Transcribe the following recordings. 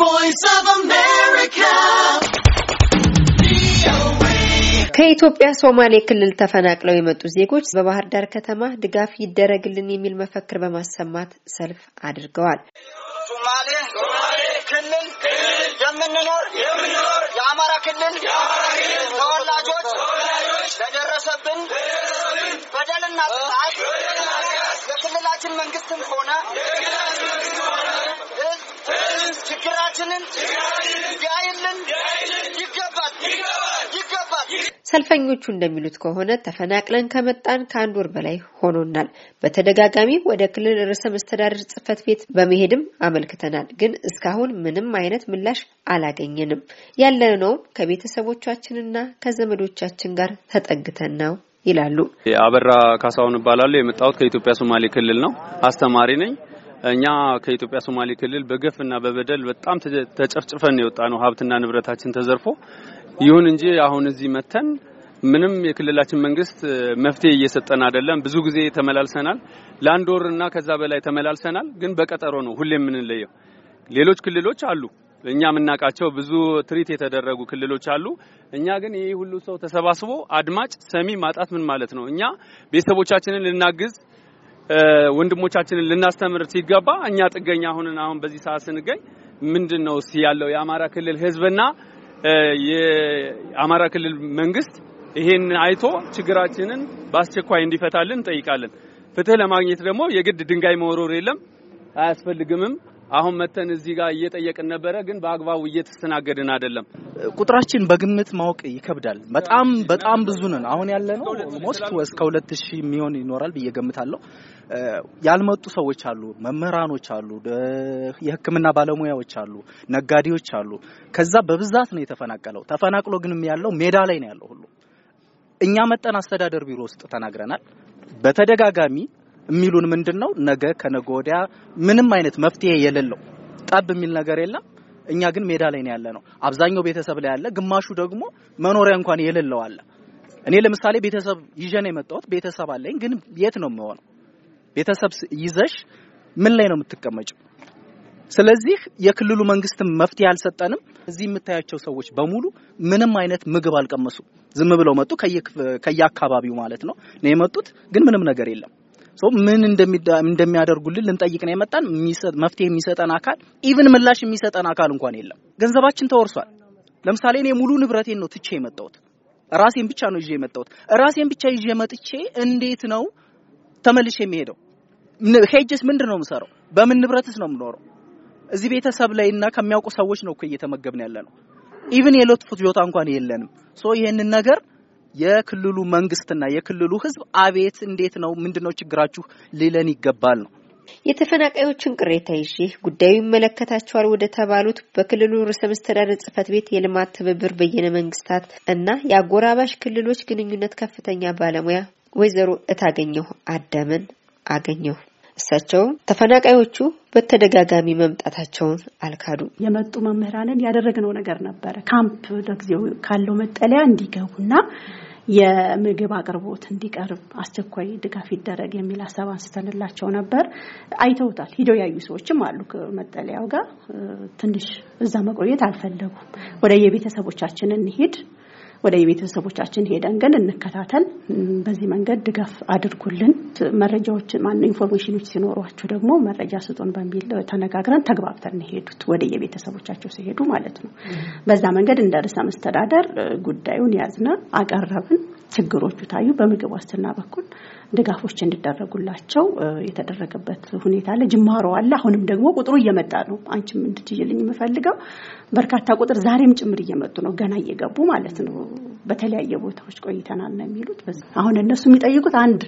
voice ከኢትዮጵያ ሶማሌ ክልል ተፈናቅለው የመጡ ዜጎች በባህር ዳር ከተማ ድጋፍ ይደረግልን የሚል መፈክር በማሰማት ሰልፍ አድርገዋል። ሶማሌ ክልል የምንኖር የአማራ ክልል ተወላጆች ለደረሰብን በደልና ጥቃት የክልላችን መንግስትም ሆነ ችግራችንን ያይልን ይገባል ይገባል። ሰልፈኞቹ እንደሚሉት ከሆነ ተፈናቅለን ከመጣን ከአንድ ወር በላይ ሆኖናል። በተደጋጋሚ ወደ ክልል ርዕሰ መስተዳድር ጽህፈት ቤት በመሄድም አመልክተናል። ግን እስካሁን ምንም አይነት ምላሽ አላገኘንም። ያለነውም ከቤተሰቦቻችንና ከዘመዶቻችን ጋር ተጠግተን ነው ይላሉ። አበራ ካሳሁን እባላለሁ። የመጣሁት ከኢትዮጵያ ሶማሌ ክልል ነው። አስተማሪ ነኝ። እኛ ከኢትዮጵያ ሶማሌ ክልል በገፍና በበደል በጣም ተጨፍጭፈን የወጣ ነው፣ ሀብትና ንብረታችን ተዘርፎ። ይሁን እንጂ አሁን እዚህ መተን ምንም የክልላችን መንግስት መፍትሄ እየሰጠን አይደለም። ብዙ ጊዜ ተመላልሰናል፣ ለአንድ ወርና ከዛ በላይ ተመላልሰናል። ግን በቀጠሮ ነው ሁሌ የምንለየው። ሌሎች ክልሎች አሉ እኛ የምናውቃቸው ብዙ ትሪት የተደረጉ ክልሎች አሉ። እኛ ግን ይህ ሁሉ ሰው ተሰባስቦ አድማጭ ሰሚ ማጣት ምን ማለት ነው? እኛ ቤተሰቦቻችንን ልናግዝ ወንድሞቻችንን ልናስተምር ሲገባ እኛ ጥገኛ ሆነን አሁን በዚህ ሰዓት ስንገኝ ምንድን ነው ያለው የአማራ ክልል ህዝብና የአማራ ክልል መንግስት ይሄን አይቶ ችግራችንን በአስቸኳይ እንዲፈታልን እንጠይቃለን። ፍትህ ለማግኘት ደግሞ የግድ ድንጋይ መወርወር የለም አያስፈልግምም። አሁን መተን እዚህ ጋር እየጠየቅን ነበረ፣ ግን በአግባቡ እየተስተናገድን አይደለም። ቁጥራችን በግምት ማወቅ ይከብዳል። በጣም በጣም ብዙ ነን። አሁን ያለ ነው ኦልሞስት እስከ ሁለት የሚሆን ይኖራል ብዬ ገምታለሁ። ያልመጡ ሰዎች አሉ፣ መምህራኖች አሉ፣ የሕክምና ባለሙያዎች አሉ፣ ነጋዴዎች አሉ። ከዛ በብዛት ነው የተፈናቀለው። ተፈናቅሎ ግን ያለው ሜዳ ላይ ነው ያለው ሁሉ። እኛ መጠን አስተዳደር ቢሮ ውስጥ ተናግረናል በተደጋጋሚ የሚሉን ምንድን ነው? ነገ ከነገ ወዲያ ምንም አይነት መፍትሄ የሌለው ጠብ የሚል ነገር የለም። እኛ ግን ሜዳ ላይ ነው ያለ ነው። አብዛኛው ቤተሰብ ላይ ያለ፣ ግማሹ ደግሞ መኖሪያ እንኳን የሌለው አለ። እኔ ለምሳሌ ቤተሰብ ይዤ ነው የመጣሁት። ቤተሰብ አለኝ፣ ግን የት ነው የምሆነው? ቤተሰብ ይዘሽ ምን ላይ ነው የምትቀመጭው? ስለዚህ የክልሉ መንግስትም መፍትሄ አልሰጠንም። እዚህ የምታያቸው ሰዎች በሙሉ ምንም አይነት ምግብ አልቀመሱ ዝም ብለው መጡ፣ ከየአካባቢው ማለት ነው ነው የመጡት፣ ግን ምንም ነገር የለም። ምን እንደሚያደርጉልን ልንጠይቅ ነው የመጣን። መፍትሄ የሚሰጠን አካል ኢቭን ምላሽ የሚሰጠን አካል እንኳን የለም። ገንዘባችን ተወርሷል። ለምሳሌ እኔ ሙሉ ንብረቴን ነው ትቼ የመጣሁት። ራሴን ብቻ ነው ይዤ የመጣሁት። ራሴን ብቻ ይዤ መጥቼ እንዴት ነው ተመልሼ የሚሄደው? ሄጅስ ምንድን ነው የምሰራው? በምን ንብረትስ ነው የምኖረው? እዚህ ቤተሰብ ላይ እና ከሚያውቁ ሰዎች ነው እኮ እየተመገብን ያለ ነው። ኢቭን የዕለት ፍጆታ እንኳን የለንም። ሶ ይሄንን ነገር የክልሉ መንግስትና የክልሉ ህዝብ አቤት እንዴት ነው ምንድነው ችግራችሁ ሊለን ይገባል ነው። የተፈናቃዮችን ቅሬታ ይዤ ጉዳዩ ይመለከታቸዋል ወደ ተባሉት በክልሉ ርዕሰ መስተዳደር ጽህፈት ቤት የልማት ትብብር በየነ መንግስታት እና የአጎራባሽ ክልሎች ግንኙነት ከፍተኛ ባለሙያ ወይዘሮ እታገኘሁ አደምን አገኘሁ። እሳቸውም ተፈናቃዮቹ በተደጋጋሚ መምጣታቸውን አልካዱ። የመጡ መምህራንን ያደረግነው ነገር ነበረ ካምፕ ለጊዜው ካለው መጠለያ እንዲገቡና የምግብ አቅርቦት እንዲቀርብ አስቸኳይ ድጋፍ ይደረግ የሚል ሀሳብ አንስተንላቸው ነበር። አይተውታል። ሂደው ያዩ ሰዎችም አሉ። ከመጠለያው ጋር ትንሽ እዛ መቆየት አልፈለጉም። ወደ የቤተሰቦቻችን እንሂድ ወደ የቤተሰቦቻችን ሄደን ግን እንከታተል። በዚህ መንገድ ድጋፍ አድርጉልን። መረጃዎች ማነው ኢንፎርሜሽኖች ሲኖሯችሁ ደግሞ መረጃ ስጡን በሚል ተነጋግረን ተግባብተን ሄዱት ወደ የቤተሰቦቻቸው ሲሄዱ ማለት ነው። በዛ መንገድ እንደ ርዕሰ መስተዳደር ጉዳዩን ያዝነ አቀረብን። ችግሮቹ ታዩ። በምግብ ዋስትና በኩል ድጋፎች እንዲደረጉላቸው የተደረገበት ሁኔታ አለ። ጅማሮ አለ። አሁንም ደግሞ ቁጥሩ እየመጣ ነው። አንቺም እንድትይልኝ የምፈልገው በርካታ ቁጥር ዛሬም ጭምር እየመጡ ነው። ገና እየገቡ ማለት ነው። በተለያየ ቦታዎች ቆይተናል ነው የሚሉት። አሁን እነሱ የሚጠይቁት አንድ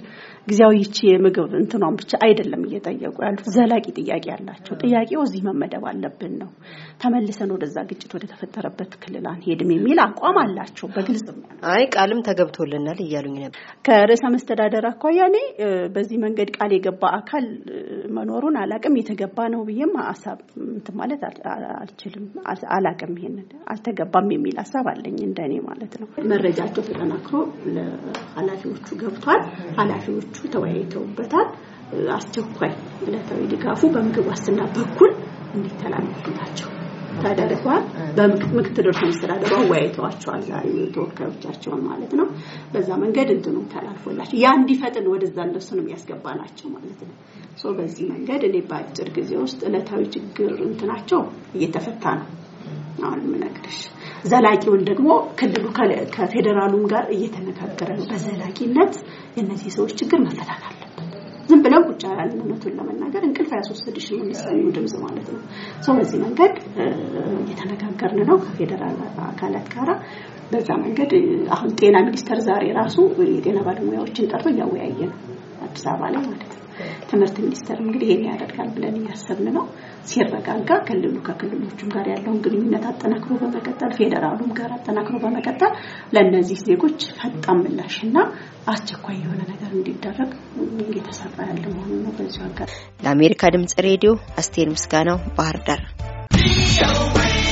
ጊዜያዊ ይቺ የምግብ እንትኗን ብቻ አይደለም እየጠየቁ ያሉት፣ ዘላቂ ጥያቄ ያላቸው ጥያቄው እዚህ መመደብ አለብን ነው ተመልሰን ወደዛ ግጭት ወደ ተፈጠረበት ክልል አንሄድም የሚል አቋም አላቸው። በግልጽ አይ ቃልም ተገብቶልናል እያሉኝ ነበር። ከርዕሰ መስተዳደር አኳያ እኔ በዚህ መንገድ ቃል የገባ አካል መኖሩን አላቅም። የተገባ ነው ብዬም ሀሳብ እንትን ማለት አልችልም። አላቅም፣ ይሄንን አልተገባም የሚል ሀሳብ አለኝ እንደኔ ማለት ነው። መረጃቸው ተጠናክሮ ለኃላፊዎቹ ገብቷል። ኃላፊዎቹ ተወያይተውበታል። አስቸኳይ ዕለታዊ ድጋፉ በምግብ ዋስትና በኩል እንዲተላለፍላቸው ተደርጓል። በምክትል ርዕሰ መስተዳድሩ አወያይተዋቸዋል። ዛሬ ተወካዮቻቸውን ማለት ነው። በዛ መንገድ እንትኑ ተላልፎላቸው ያ እንዲፈጥን ወደዛ እነሱንም ያስገባናቸው ማለት ነው። ሶ በዚህ መንገድ እኔ በአጭር ጊዜ ውስጥ ዕለታዊ ችግር እንትናቸው እየተፈታ ነው። አሁን የምነግርሽ ዘላቂውን ደግሞ ክልሉ ከፌዴራሉም ጋር እየተነጋገረ ነው። በዘላቂነት የእነዚህ ሰዎች ችግር መፈታት አለበት። ዝም ብለው ቁጭ አላለም። እውነቱን ለመናገር እንቅልፍ ነው የሚሰኙ ድምጽ ማለት ነው። ሰው በዚህ መንገድ እየተነጋገርን ነው ከፌዴራል አካላት ጋራ በዛ መንገድ አሁን ጤና ሚኒስቴር ዛሬ ራሱ የጤና ባለሙያዎችን ጠርቶ እያወያየ ነው አዲስ አበባ ላይ ማለት ነው። ትምህርት ሚኒስቴር እንግዲህ ይሄን ያደርጋል ብለን እያሰብን ነው። ሲረጋጋ ክልሉ ከክልሎቹም ጋር ያለውን ግንኙነት አጠናክሮ በመቀጠል ፌዴራሉም ጋር አጠናክሮ በመቀጠል ለእነዚህ ዜጎች ፈጣን ምላሽና አስቸኳይ የሆነ ነገር እንዲደረግ እየተሰራ ያለ መሆኑን ነው። በዚሁ አጋር ለአሜሪካ ድምጽ ሬዲዮ አስቴር ምስጋናው ባህር ዳር